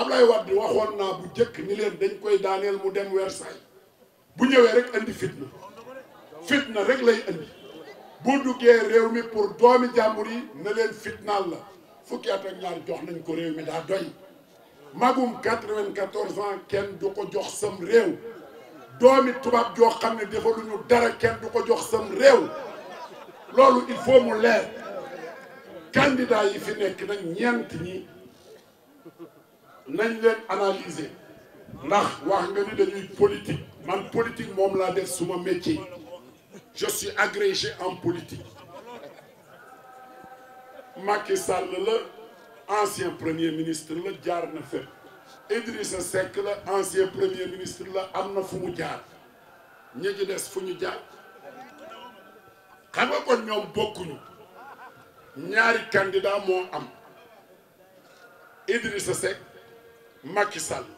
Ablaye bi waxoon naa bu jëkk ni leen dañ koy daaneel mu dem Versailles bu ñëwee rek andi fitna fitna rek lay andi bu duggee réew mi pour doomi jàmbur yi na leen fitnaal la fukki at ak ñaar jox nañ ko réew mi daa doy magum 94 ans kenn du ko jox sam réew doomi tubaab joo xam ne defaluñu dara kenn du ko jox sam réew loolu il faut mu leer candidat yi fi nekk nag ñeent ñi nañ leen analyser ndax wax nga ni dañuy politique man politique moom laa def suma métier je suis agrégé en politique Macky Sall la ancien premier ministre la jaar na fépp Idrissa Seck la ancien premier ministre la am na fu mu jaar ñi ci des fu ñu jaar xam nga kon ñoom bokkuñu ñaari candidat moo am Idrissa Seck Macky Sall